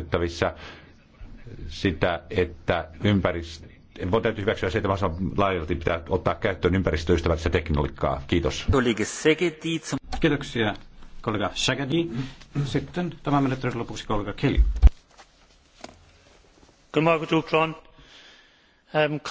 hyväksyttävissä sitä, että ympäristö, voi täytyy hyväksyä se, että mahdollisimman laajalti pitää ottaa käyttöön ympäristöystävällistä teknologiaa. Kiitos. Kiitoksia kollega Shagadi. Sitten tämä menettely lopuksi kollega Kelly.